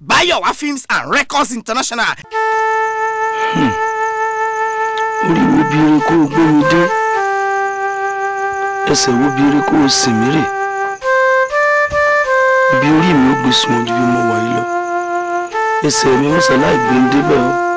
Bayowa Films and Records International. Hmm. orí wo bí eré kó o gbé mi dé ẹsẹ̀ wo bí eré kó o sìn mí rè bí orí mi ó gbé sùn ju bí mo wà yìí lọ ẹsẹ̀ mi mọ̀sálà ìgbé ń débẹ̀ o.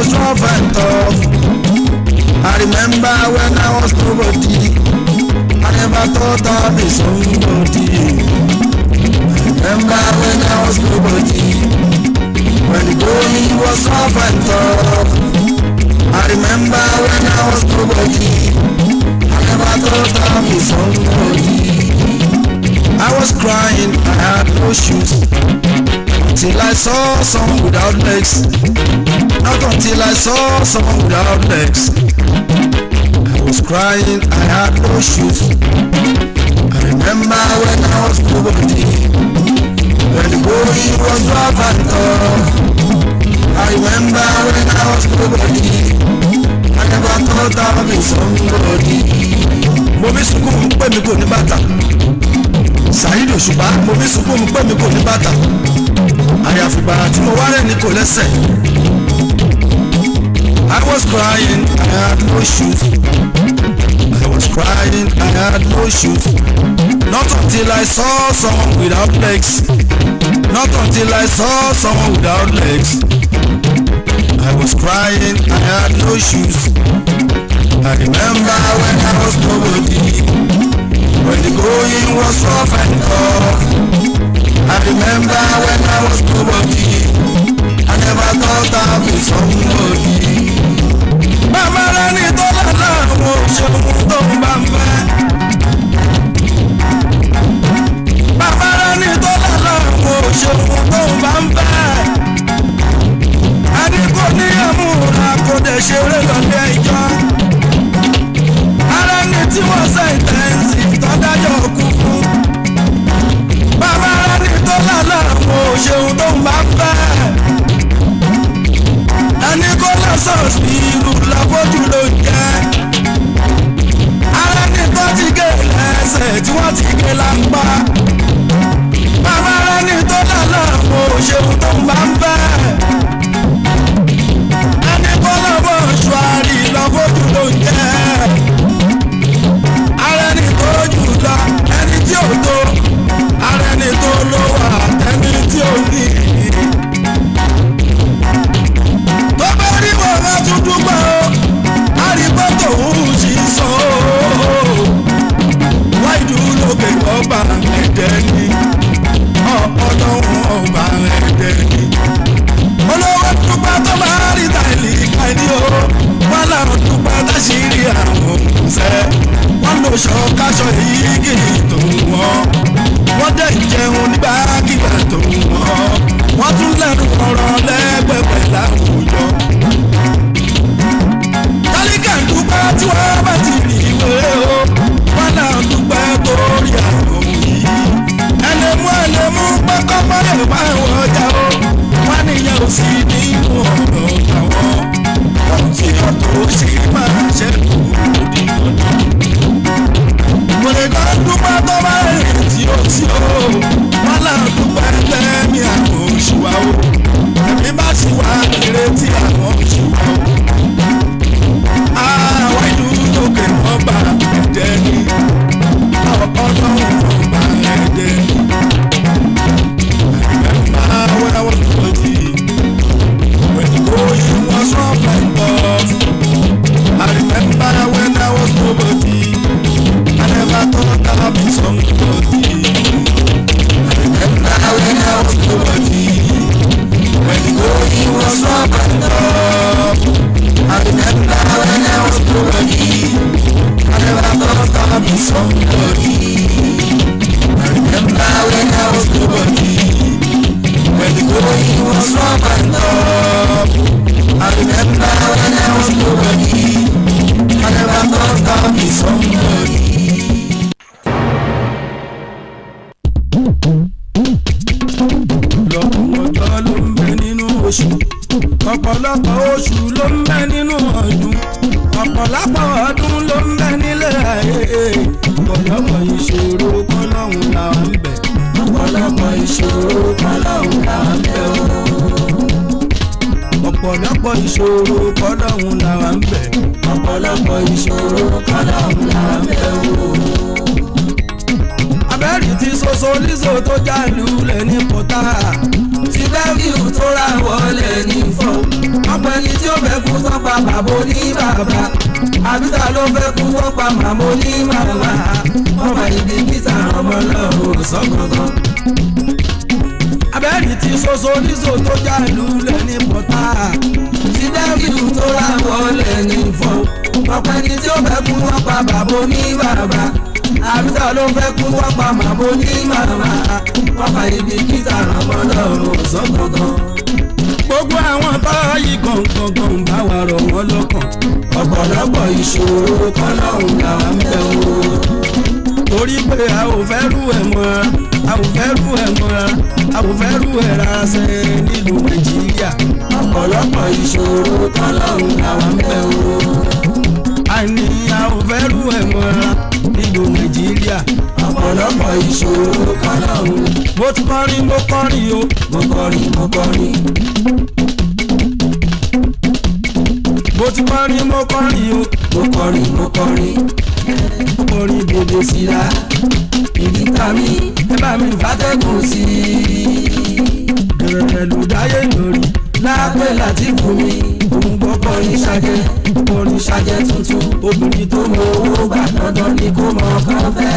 was rough and tough. I remember when I was poverty. I never thought I'd be somebody. I remember when I was poverty? When the going was rough and tough. I remember when I was poverty. I never thought I'd be somebody. I was crying, I had no shoes. Till I saw some without legs. Not until I saw someone without legs. I was crying, I had no shoes. I remember when I was nobody. When the boy was rough and tough. I remember when I was nobody. I never thought I'd be somebody. Mommy sukun pè mí kò ní bàtà. Saheed Òṣùpá, mommy sukun pè mí kò ní bàtà. Àyàfìgbà tí mo wá rẹ̀ ní kò lẹ́sẹ̀. I was crying, I had no shoes. I was crying, I had no shoes. Not until I saw someone without legs. Not until I saw someone without legs. I was crying, I had no shoes. I remember when I was poverty, When the going was rough and tough. I remember when I was poverty. I never thought I'd be somebody bàbá rẹ ní tó lọ́la àwọn òṣèlú tó ń bá ń bẹ́. bàbá rẹ ní tó lọ́la àwọn òṣèlú tó ń bá ń bẹ́. adigun ní àmúra kò dẹ̀ ṣeré lọ́lẹ́ kólà sọ̀rọ̀ sí irú làbójú ló ń jẹ́. ara ní tó ti gé lẹ́sẹ̀ tí wọ́n ti gé lápá. bàbá rẹ ní tó lálẹ́ àpò ṣeun tó ń bá ń bẹ́. ẹni kólà bọ̀ ṣùárì làbójú ló jẹ́. ọ̀pọ̀lọpọ̀ ìṣòro kọ́lọ́hún làwa ń bẹ̀. ọ̀pọ̀lọpọ̀ ìṣòro kọ́lọ́hún làwa ń bẹ̀ wò. abẹ́rì ti soso lizo tó já lulẹ̀ ní kọ́tà. ti lẹ́fíù tó ra wọlé ní fọ́. ọ̀pọ̀ ẹni tí ó fẹ́ kú sọ́pa bàbá ní bàbá. àbíta ló fẹ́ kú sọ́pa màmá ní màmá. ọmọ ìdí kìtà ọmọ lọ́rùn sọ́kàngán abẹ́rì ti soso nízo tó já ìlú lẹ̀ ní pọ̀tà sídẹ́rìlù tó ra wọlé ní fọ́ ọ̀pẹ́ ni tí ó fẹ́ kú wọ́n pa bàbá ní bàbá àbíta ló fẹ́ kú wọ́n pa màbó ní màmá wọ́n pa ibi kíta àwọn ọlọ́run ọ̀sán gangan. gbogbo àwọn báyìí gangan bá wa rọ̀ wọ́n lọ́kàn ọ̀pọ̀lọpọ̀ ìṣòro kọ́lọ́run làwọn mẹ́wọ́ torí pé a ò fẹ́ rú ẹ̀ mọ́ a ò fẹ́ rú ẹ̀ mọ́ a ò fẹ́ rú ẹ̀ ránṣẹ́ nílùú nàìjíríà. ọ̀pọ̀lọpọ̀ ìṣòro tọ́lọ́run làwọn bẹ̀ o. a ní a ò fẹ́ rú ẹ̀ mọ́ nílùú nàìjíríà. ọ̀pọ̀lọpọ̀ ìṣòro tọ́lọ́run. mo ti kọrin mo kọrin o. mo kọrin mo kọrin. mo ti kọrin mo kọrin o. mo kọrin mo kọrin orí gbèdé síra ìdíkà mi ẹ bá mi fàtẹ́gùn sí i. bẹ̀rẹ̀ ló dáyé lórí lápẹ́ láti fún mi òun gbọ́ kọrin ṣàjẹ́ kọrin ṣàjẹ́ tuntun obìnrin tó mọ owó gbà dandan ni kò mọ kàn fẹ́.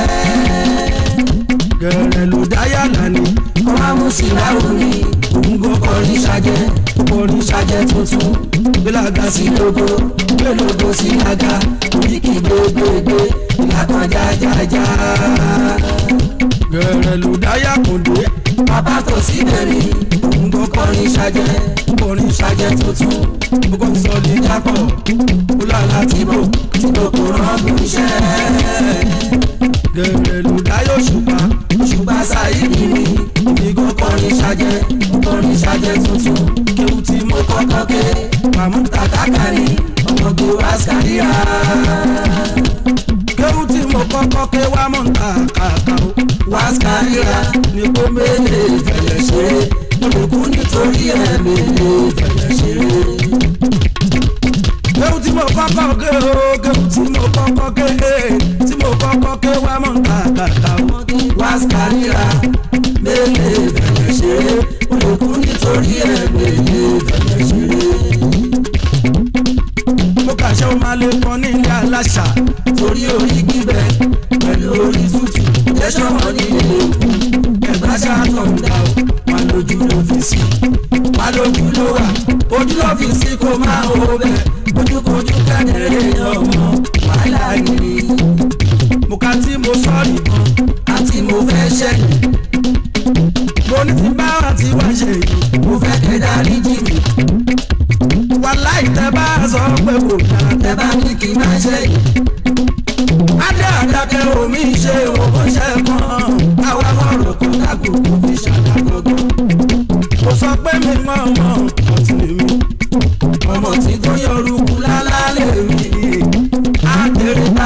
bẹ̀rẹ̀ ló dáyà nàní kọ́ máa mú sí láwùmí ngo kọrin ṣajẹ kọrin ṣajẹ tuntun gbélága sí gbogbo gbélogo sí aga oríkì gbégbégbé ìlànà jájájá. gẹ̀rẹ̀lú dáyà kò dé. bàbá tó sí bèrè ngo kọrin ṣajẹ kọrin ṣajẹ tuntun gbogbo sọlí jápọ̀ kúlàlà tìbò tìbò kò rán mú iṣẹ́. gẹ̀rẹ̀lú dáyà òṣùpá òṣùpá ṣáìdì mi ìgò kọrin ṣàjẹ́ kọrin ṣàjẹ́ tuntun kéwù tí mo kọ́kọ́ ké mahmood Atakani ọmọ gbòòrò àṣàríyá kéwù tí mo kọ́kọ́ ké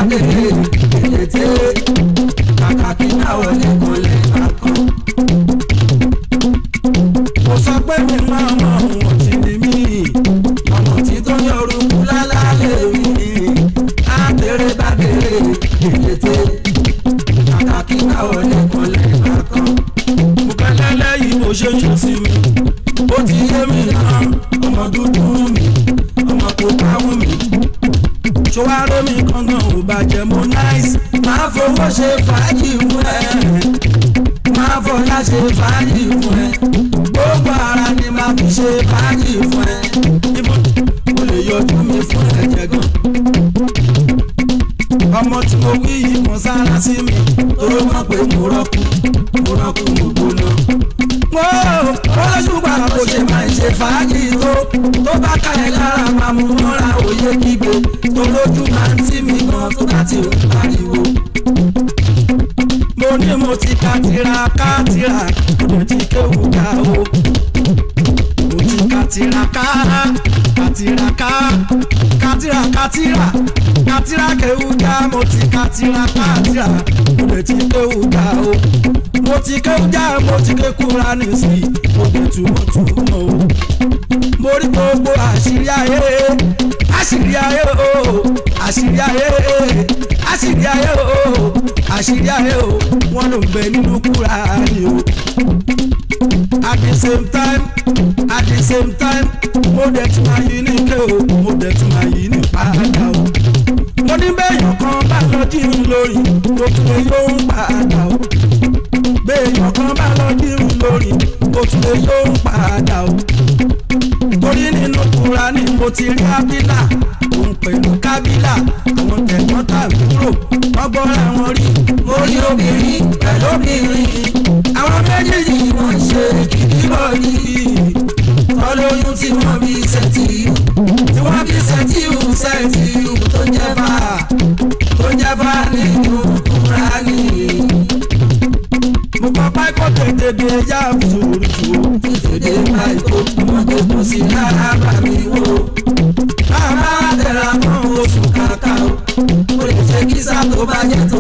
Yeah. katiraka katira katira katira kewuga mo ti katira katira mo ti kewuga o mo ti kewuga mo ti kekura nisi mo ti túmọ̀túmọ̀ o mo rí gbogbo àṣírí ayé àṣírí ayé o àṣírí ayé àṣírí ayé o àṣírí ayé o wọn ló ń bẹ nínú kúra ni o at the same time at the same time mo dẹ̀ tún máa yí ní ilé o mo dẹ̀ tún máa yí ní padà o. mo ní bẹ́ẹ̀yàn kan bá lọ dírun lórí mo tún lè yó ń padà o. bẹ́ẹ̀yàn kan bá lọ dírun lórí mo tún lè yó ń padà o torí nínú Kùránì mo ti rí ábílà òun pẹ̀lú kábílà òun tẹ̀gbọ́n tàbúrò ọgbọ́n àwọn rí mo rí obìnrin pẹ̀lú obìnrin àwọn méjèèjì wọ́n ṣe kìkìbọ̀ yìí ọlọ́yún tí wọ́n bí sẹ́tìrì tí wọ́n bí sẹ́tìrì sẹ́tìrì tó jẹ́ bá tó jẹ́ bá nínú Kùránì mo kọ́ pákó tètè dé yá sùúrù sùúrù tètè dé pákó mọ́tò kò sí lára bá mi wò ó bá a bá tẹ̀ra oṣù kàkà ó lè jẹ́ kí sáà tó bá jẹ́ tó.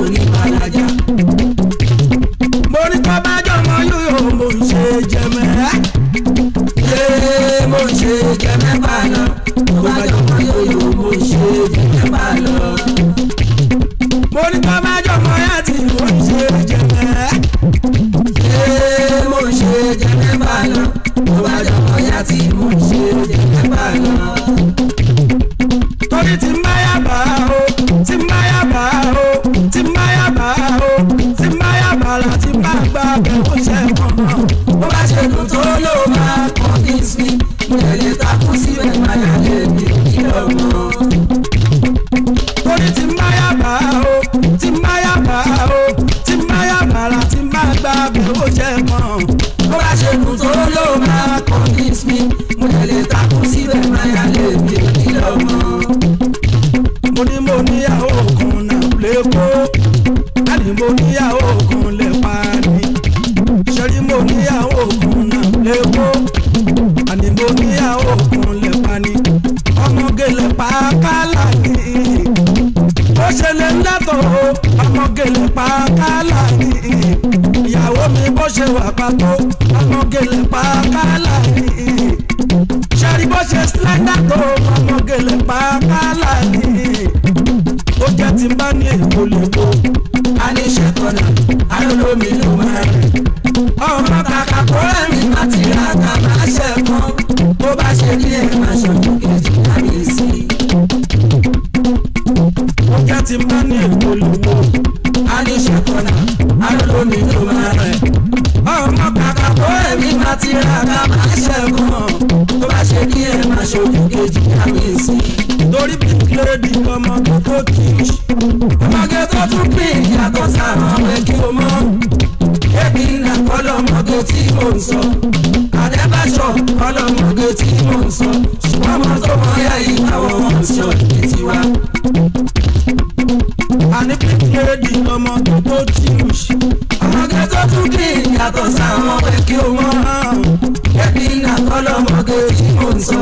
bí lọ́mọ tó ti rù sí. ọmọge tó tún kí ìyàtọ̀ sáwọn ẹ̀kẹ́ wọn hàn. ẹbí iná kọ́lọ́mọge tí mò ń sọ.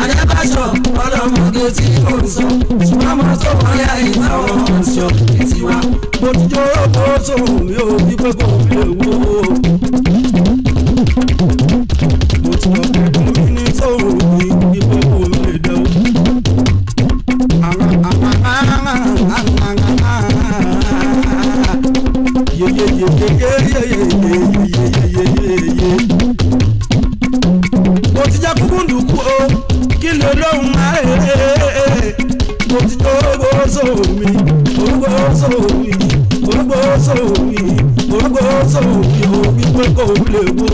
àdébàṣọ kọ́lọ́mọge tí mò ń sọ. ṣùgbọ́n mo tó wọ́n yá ìgbà wọn ò ń sọ títí wa. mo ti jọ́ ọ́ bó sóhùn mi ò bí pé kò fi èwo. kò léwu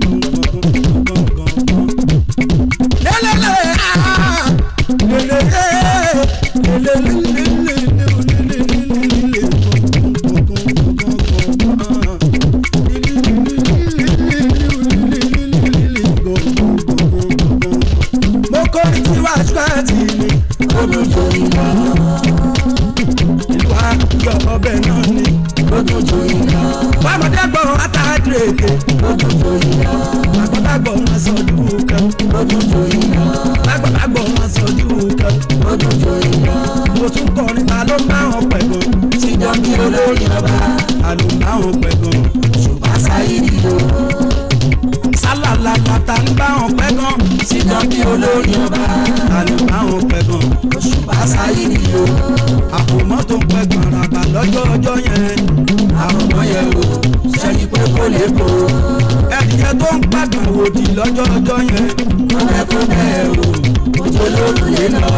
lókùnrin náà.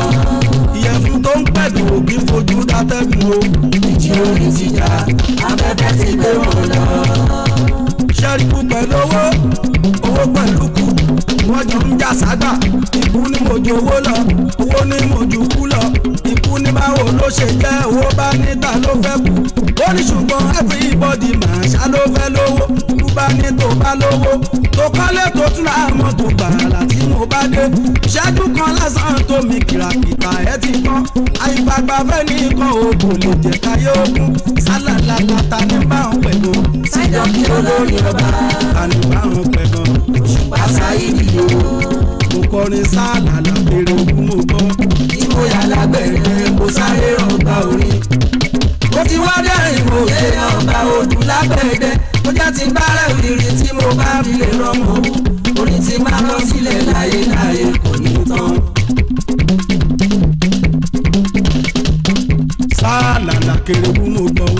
ìyẹ̀fun tó ń pẹ̀lú òbí fojú dátẹ́kun o. ìjì orin ti jà afẹ́fẹ́ ti gbé wọn lọ. sẹ́ríkù pẹ̀lú owó owó pẹ̀lú kù wọ́n jọ ń jà ságbà ikú ni mo ju owó lọ owó ni mo ju kú lọ ikú ni báwo ló ṣe jẹ́ owó bá níta ló fẹ́ kú ó ní ṣùgbọ́n everybody máa ṣá ló fẹ́ lówó kú bá ní tó bá lówó tó kọ́lé tó tún ra mọ́tò gbàrà tí mo bá dé ṣẹ́jú kan lásán tó mi kìràkìtà ẹ̀ ti kán àìfàgbà fẹ́ nìkan ò kò lè jẹ́ káyé ogun sálàlà bàtà ní báwọn pẹ̀lú síjọ́ kí olórí ọba àní báwọn pẹ̀lú àṣà ìdí o mo kọrin sáàlà làbẹ̀rẹ̀ ojú mo gbọ́. ìwò yàrá gbẹ̀rẹ̀ mo sáré ọgbà orin. mo ti wá dẹ́rìn mo yé ọgbà odù lábẹ́ẹ̀dẹ́ mo já ti bára òrìrì tí mo bá fi lè rọmọ orin ti máa lọ sílẹ̀ láyé láyé kò ní tán. sáàlà làkèrè ojú mo gbọ́.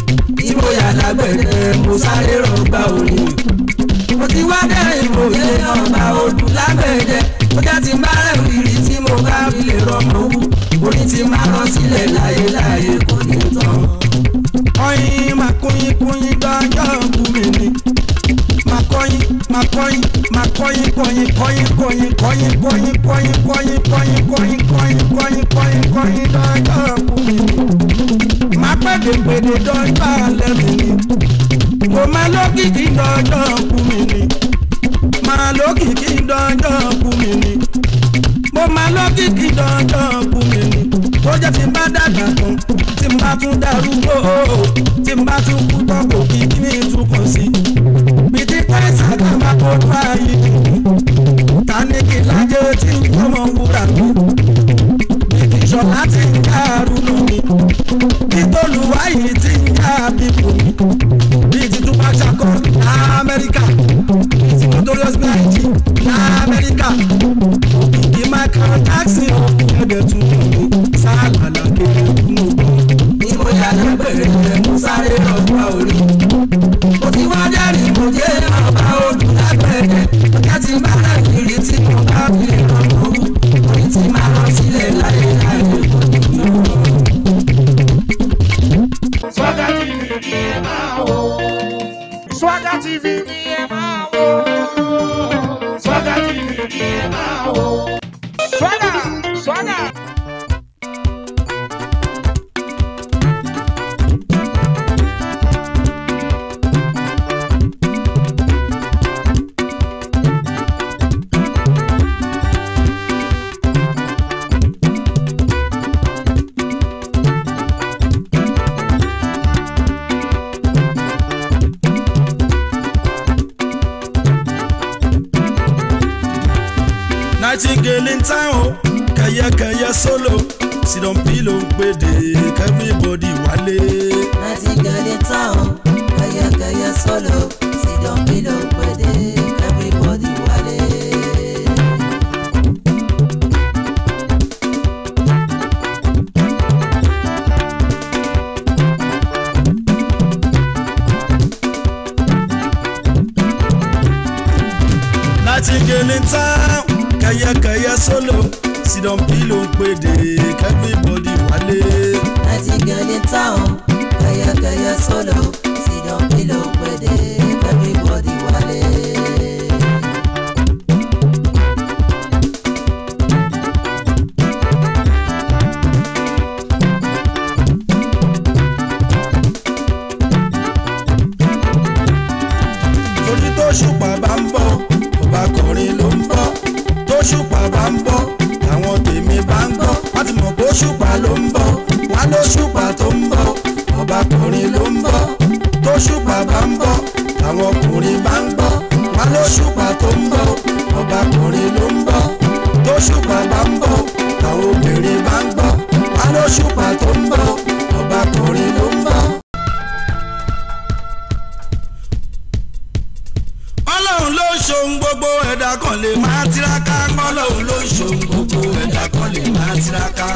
ìwò yàrá mo sáré ọgbà orin ti wá dẹ́rìn ìbò ilé ọba odù lábẹ́ẹ̀dẹ́ ọjà ti bá rẹ̀wìrì tí mo bá fi lè rọmọ wù orí ti máa lọ sílẹ̀ láyé láyé kò ní tán. ọyìn màkúnyìnkúnyìn gbọ́jọ́ òkú mi ni màkọyìn màkọyìn màkọyìn kọyìn kọyìn kọyìn kọyìn kọyìn kọyìn kọyìn kọyìn kọyìn kọyìn kọyìn kọyìn kọyìn gbọ́jọ́ òkú mi ni màpẹ́dẹ́gbẹ̀dẹ́ dọ́jọ́ alẹ́ mi ni mo máa lọ́gìdì lọ́jọ́ òkú mi máa lókìkí dandan kú mi ni mo máa lókìkí dandan kú mi ni ó jẹ́ tí n bá dàgbà tán tí n bá tún darúgbó tí n bá tún kú tán kò kí kí ni ìtukọ̀ sí bìtí káìsà ká máa kó tó ààyè ta ni kí lájẹ tí n kọ́ mọ̀ wúrà mi bìtí ti ń ká arúgbó mi kí tolúwa yìí ti ń ká bíbù mi. taxi. Chike in town, Kaya Kaya solo. Sit on pillow, pede, everybody wale. Chike in town, Kaya Kaya solo. Sit on pillow, pede. tóṣùpá ló ń bọ̀ wá lóṣùpá tó ń bọ̀ ọbakùnrin ló ń bọ̀ tóṣùpá bá ń bọ̀ àwọn ọkùnrin bá ń bọ̀ wá lóṣùpá tó ń bọ̀ ọbakùnrin ló ń bọ̀ tóṣùpá bá ń bọ̀ àwọn obìnrin bá ń bọ̀ wá lóṣùpá tó ń bọ̀ ọbakùnrin ló ń bọ̀. ọlọ́run ló ń ṣohun gbogbo ẹ̀dá kan lè máa tiraka ọlọ́run ló ń ṣohun gbogbo tiraka.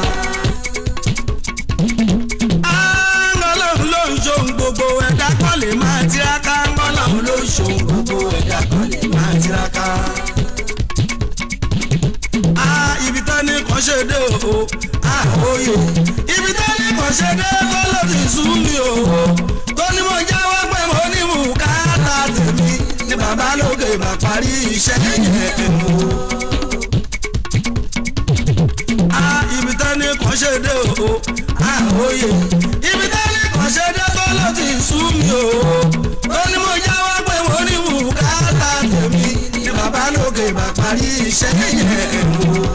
Ọlọ́run ló ń ṣohun gbogbo ẹ̀dá kan lè máa tiraka. Ọlọ́run ló ń ṣohun gbogbo ẹ̀dá kan lè máa tiraka. Ibi tó ní kan ṣe dé o, àwòye. Ibi tó ní kan ṣe dé kó ló ti sùn mí o. Tó ní mo jáwọ́ pé mo ní mú káàtà tèmi. Ní bàbá lókè bá parí iṣẹ́ yẹn o. ṣe dé o àwòye ibi tẹ́lẹ̀ kan ṣe dé tó ló ti sú mi o ó ní mo jáwọ́ pé mo ní bùkátà tèmi ni bàbá lókè bá parí iṣẹ́ yẹn o.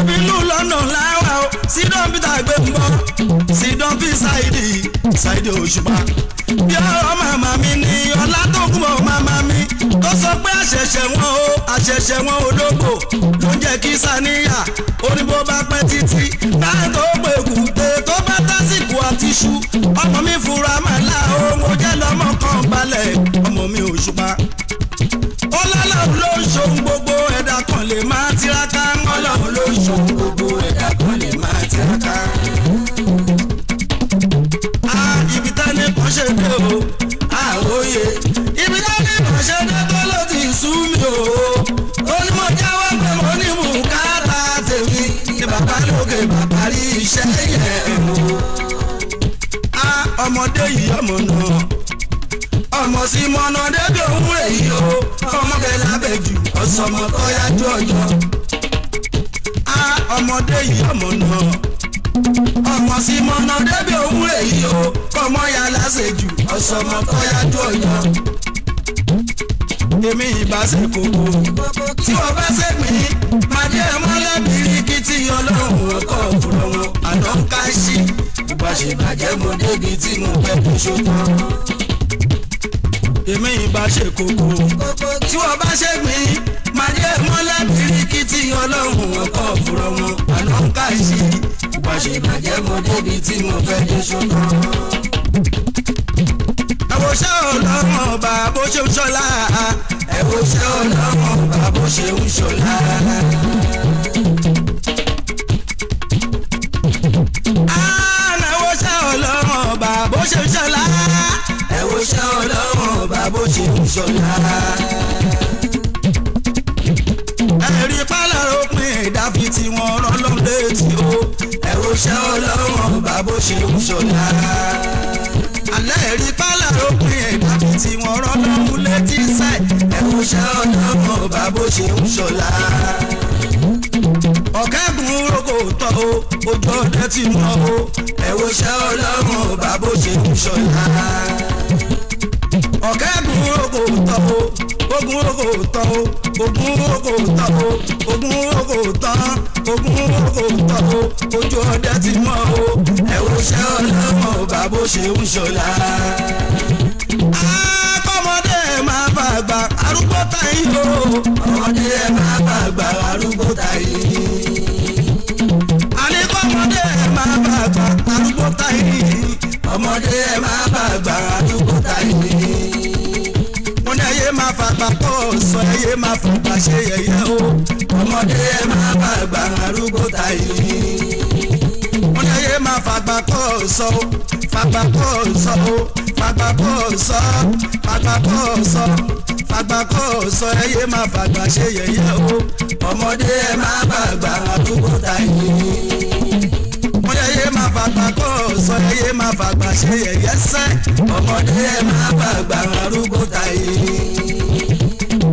ebínú lọ́nà láwà o sídán peter gbẹ̀mbọ́ sídán fi ṣáìdì ṣáìdì òṣùpá. bí ọ̀rọ̀ màmá mi ni ọlá tó kún mọ́ màmá mi tó sọ pé àṣẹ̀ṣẹ̀ wọn o àṣẹ̀ṣẹ̀ wọn ò dógò ló ń jẹ́ kí sàníyà ó ní bó bá pẹ́ títí náà tó pé kùté tó bá tásìkò àti ṣu ọmọ mi fura màlá o mo jẹ́ lọ́mọ kan balẹ̀ ọmọ mi òṣùpá. ó lálàá ló ń ṣohun gbogbo ẹ̀ ẹ̀dá kan lè máa tiraka. ọlọ́run ló ń ṣòwò gbogbo ẹ̀dá kan lè máa tiraka. a ibi tẹ́lẹ̀ kan ṣe dé o a òye ibi tẹ́lẹ̀ kan ṣe dé tó ló ti sú mi o ó jáwọ́ pé mo ní bùkátà tèmi ní bàbá lókè bàbá rí iṣẹ́ yẹn o. a ọmọdé yìí ọmọ náà ọmọ sí mọ́nà débi òun èyí o ọmọ bẹ́ẹ̀ lábẹ́ jù ọ̀sọ̀mọ tó yájú ọjọ́ á ọmọdé yìí ọmọ náà ọmọ sí mọ́nà débi òun èyí o kọ́mọ ya lásèjù ọ̀sọ̀mọ tó yájú ọjọ́ èmi ìbáṣe kòkó tí o bá ṣe mí màdé mọ́lẹ́ bíríkìtì ọlọ́run ọkọ̀ òfurufú wọn àdánkáṣí bá ṣe bàjẹ́ mo débi tí mo fẹ́ fi ṣòkan èmi ìbá ṣe koko, tí wọ́n bá ṣe gbìn màdé mọ́lá bíríkìtì ọlọ́run ọkọ̀ òfurọ̀ wọn àná ń ká sí. wọ́n ṣe bàjẹ́ mo débi tí mo fẹ́ dé ṣùgbọ́n. àwòṣe ọlọ́run ọba bó ṣe ń ṣọlá ẹ̀wòṣe ọlọ́run ọba bó ṣe ń ṣọlá. àná àwòṣe ọlọ́run ọba bó ṣe ń ṣọlá wo ṣẹ́ ọlọ́run bàbá ó ṣe ń ṣọlá. ẹ̀rí pálọ̀ òpin ìdáfi tí wọ́n rán lọ́dẹ tí ó ẹ̀rọ ṣẹ́ ọlọ́run bàbá ó ṣe ń ṣọlá. alẹ́ ẹ̀rí pálọ̀ òpin ìdáfi tí wọ́n rán lọ́hùn létí sẹ́ ẹ̀rọ ṣẹ́ ọlọ́run bàbá ó ṣe ń ṣọlá ọ̀kẹ́gun rogo tán o ojú ọdẹ ti mọ́ o ẹ̀wòṣẹ́ ọlọ́run bàbá ó ṣe ń ṣọlá ọ̀kẹ́gun ogo tán o ogun ogo tán o ogun ogo tán o ogun ogo tán ogun ogo tán o ojú ọdẹ ti mọ́ o ẹ wo ṣẹ́ ọlọ́mọ bàbá ṣe ń ṣọlá. akọ́mọdé máa bá àgbà arúgbó táyì o ọmọdé máa bá àgbà arúgbó táyì. àníkọ́mọdé máa bá àgbà arúgbó táyì ọmọdé ẹ máa bá àgbàrá dúkú táyé fapá kó sọ ẹyẹ máa fọ̀pá ṣe yẹ̀yẹ́ o. ọmọdé ẹ máa bá àgbà arúgbó ta yìí. wọ́n ní ẹyẹ máa fàgbà kó sọ o fàgbà kó sọ o fàgbà kó sọ fàgbà kó sọ fàgbà kó sọ ẹyẹ máa fàgbà ṣe yẹ̀yẹ́ o. ọmọdé ẹ máa bá àgbà arúgbó ta yìí máa fàgbà kó sọ ẹyẹ máa fàgbà ṣe yẹ̀yẹ́ sẹ́ ọmọdé ẹ máa fàgbà arúgbó ta yìí.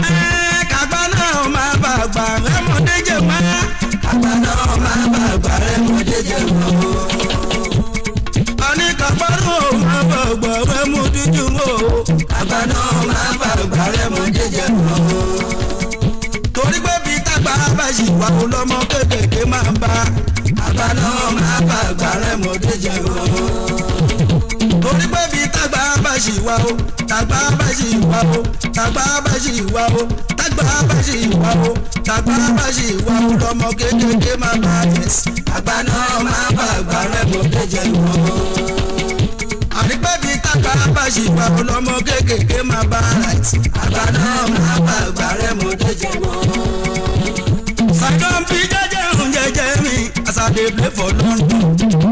ẹ kàgbá náà máa fàgbà rẹ́mọdé jẹ̀ wá kàgbá náà máa fàgbà rẹ́mọdé jẹ̀ wá o. oníkàgbọ́rù ò máa fàgbà rẹ́mú dúdú kàgbá náà máa fàgbà rẹ́mọdé jẹ̀ wá torí pé bí tágbà bá ṣì wà ó lọ́mọ kéékèèké máa bá a ọmọdé jẹ o. torí pé bí tàgbà bá ṣì wá o tàgbà bá ṣì wá o tàgbà bá ṣì wá o tàgbà bá ṣì wá o tàgbà bá ṣì wá o lọmọ kékeré máa bá tẹ̀sí. àgbà náà máa bá àgbà rẹ̀ ọmọdé jẹ o. àní pé bí tàgbà bá ṣì wá o lọmọ kékeré máa bá tẹ̀sí. àgbà náà máa bá àgbà rẹ̀ ọmọdé jẹ o. sàkàǹpì jẹjẹ ń jẹjẹ mi as i dey play for London.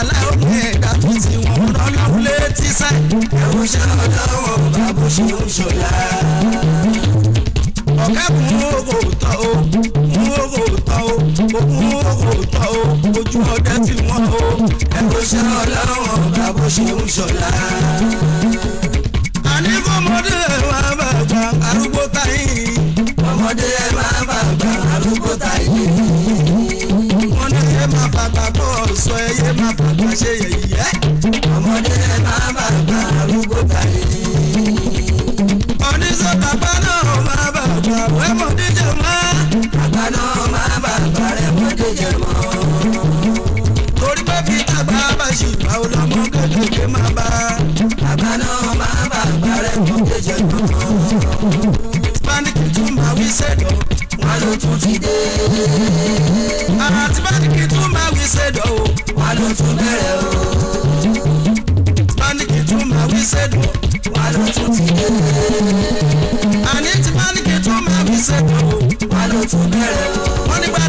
aláwọ̀ ẹ̀dá tó ti wọ́n lọ́lọ́run létí sẹ́. ẹ̀wọ̀n ṣe ọlọ́wọ́ bàbá ṣe ń ṣọlá. ọ̀gá mú owó tọ́ o mú owó tọ́ o mú owó tọ́ o ojú ọdẹ ti wọ́n o. ẹ̀wọ̀n ṣe ọlọ́wọ́ bàbá ṣe ń ṣọlá. àní bọ́mọdé máa bàjá arúgbó táyìn. ọmọdé máa b máa bàbá ṣe yẹ̀yẹ́.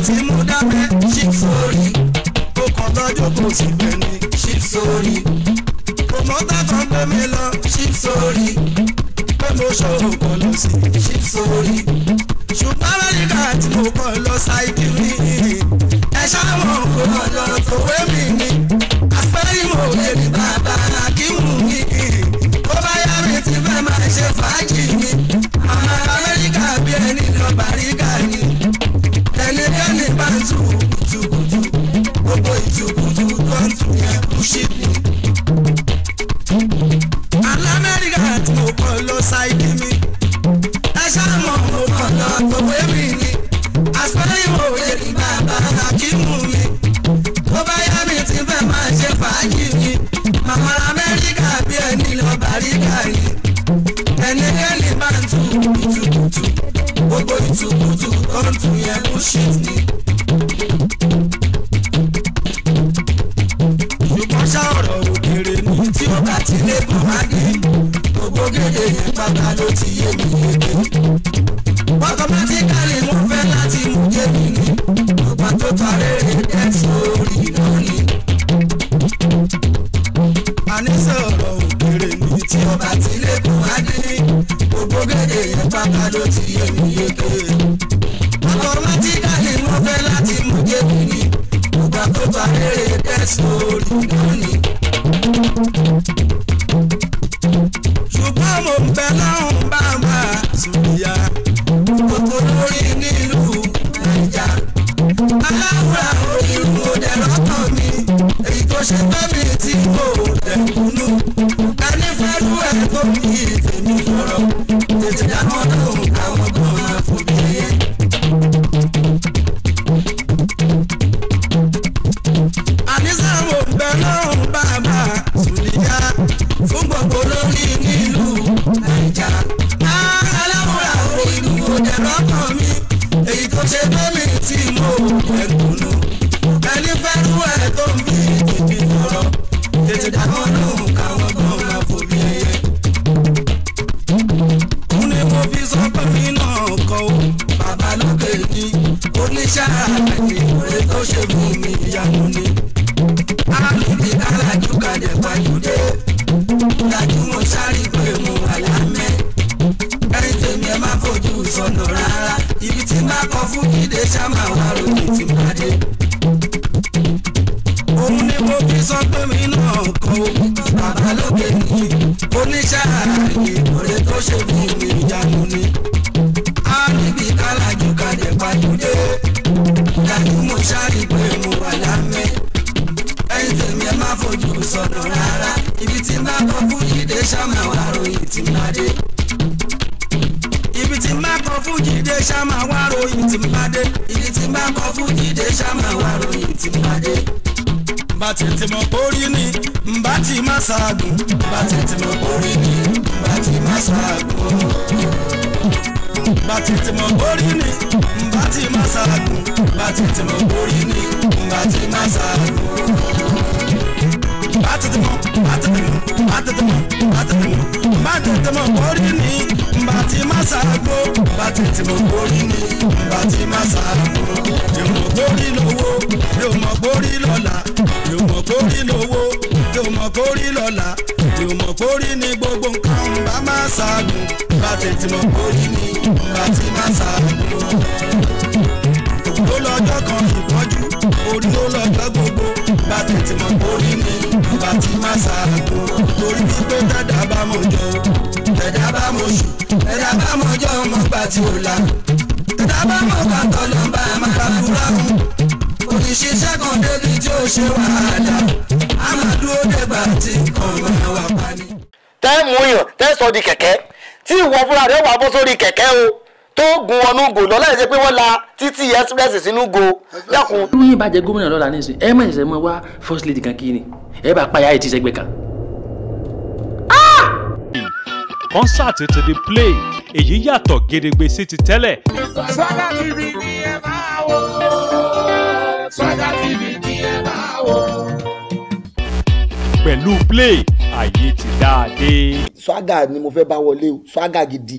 àti mú dábẹ́ ṣíp sórí kó kàn lọ́jọ́ kó sì bẹ̀ ní ṣíp sórí kò mọ́ tàtọ́ gbé mi lọ ṣíp sórí pé mo ṣòro kò lọ sí ṣíp sórí ṣùgbọ́n amẹ́ríkà tí mo kọ́ lọ ṣáìdì mi ẹ̀ ṣáà mọ̀ kó lọ sọ̀wé mi ni àpẹẹrẹ ìmọ̀ òye ṣáàgùn bá tètè mo orí ni bá ti má ṣáàgùn bá tètè mo orí ni bá ti má ṣáàgùn bá tètè mọ orí ni bá ti mo ṣáàgùn batitimo batitimo batitimo batitimo mo orí ni bàtí màsà gbó mo orí ni bàtí màsà gbó yóò mọ̀ gbórí lówó yóò mọ̀ gbórí lọ́la yóò mọ̀ gbórí lówó kórì lọ́la mi ò mọ̀ kórì ní gbogbo nǹkan ń bá má ṣaagun bá tètè mọ̀ kórì ní ìgbà tí má ṣaagun ló lọ́jọ́ kan ìpọ́njú orí ló lọ́jọ́ gbogbo bá tètè mọ̀ kórì ní ìgbà tí má ṣaagun torí wípé dada bá mọ̀ jọ dada bá mọ̀ ṣù dada bá mọ̀ jọ ọmọ gbà tí ò la dada bá mọ̀ gbà tọ́lọ́ bá má bá kú láhùn òṣìṣẹ́ débi tí ó ṣe wàhálà amadu dẹgbà tí kàn tẹ́ mú yàn tẹ́ sọ di kẹ̀kẹ́ tí ìwọ fúnra rẹ̀ wà bọ́ sórí kẹ̀kẹ́ o tó gun ọnú gò lọ láì ṣe pé wọ́n la títí express sínú go dákun. irú yín bá jẹ gómìnà lọ́la ní ìsìn ẹ má ṣẹ̀ṣẹ̀ mọ wá first lady kan kí ni ẹ bá payá ẹ ti ṣẹgbẹ́ kan. kọ́nsáàtì ti di play èyí yàtọ̀ gedegbe sí ti tẹ́lẹ̀. Swaga TV ni ẹ máa wò Swaga TV ni ẹ máa wò pẹ̀lú play ayé ti dáadé. swaga ni mo fẹ́ bá wọlé o swaga gidi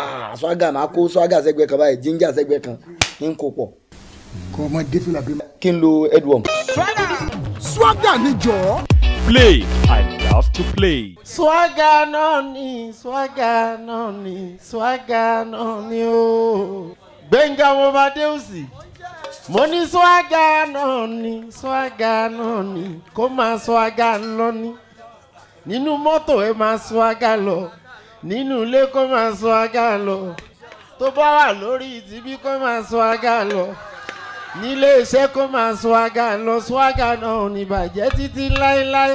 ah swaga máa kó swaga sẹ́gbẹ́ kan báyìí ginger sẹ́gbẹ́ kan ń kó pọ̀. kò mọ défìlà bí. kí n lo edwom. swaga ni jọ̀ọ́. play i love to play. swaga náà ni swaga náà ni swaga náà ni o. gbẹ̀ngà ọmọ adéhùn sí mo ní swaga náà ni swaga náà ni kó máa swaga lọ ni nínú mọ́tò ẹ máa swaga lọ nínú ilé kó máa swaga lọ tó bá wà lórí ìtìbí kó máa swaga lọ nílé iṣẹ́ kó máa swaga lọ swaga náà ò bàjẹ́ títí láéláé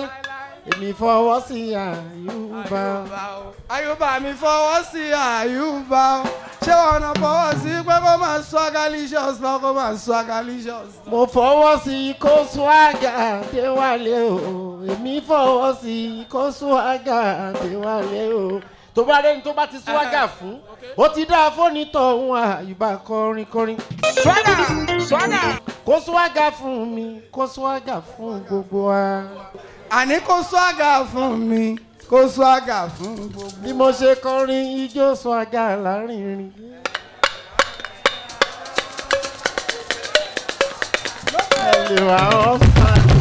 èmi fọwọ́ sí àyùbá o. àyùbá mi fọwọ́ sí àyùbá o. ṣé wọn náà fọwọ́ sí pé kó máa swagalicious náà kó máa swagalicious. mo fọwọ́ sí kó swaga déwálé o èmi fọwọ́ sí kó swaga déwálé o tó bá rẹ́ni tó bá ti swaga fún ó ti dá fóònù tọ̀hún àyùbá kọrin swaga swaga. kó swaga fún mi kó swaga fún gbogbo wa àní kó swaga fún mi kó swaga fún gbogbo. bí mo ṣe kọrin ijó swaga láàrin rin. ẹ lè wá ọ́ swaga.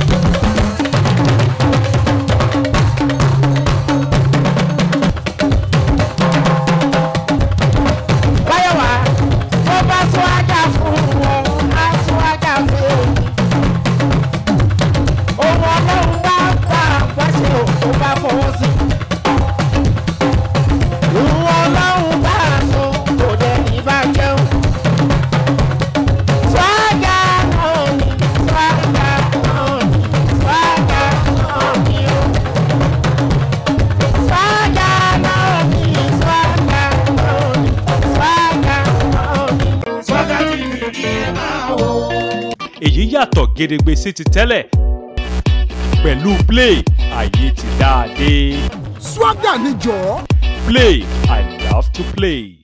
fọwọ́ sí. Ìwọ̀n ọlọ́run bá a sọ kò Èyí yàtọ̀ gedegbe sí ti tẹ́lẹ̀ pẹ̀lú play ayé ti dáadé. swagger ni jọ̀ọ́. play i love to play.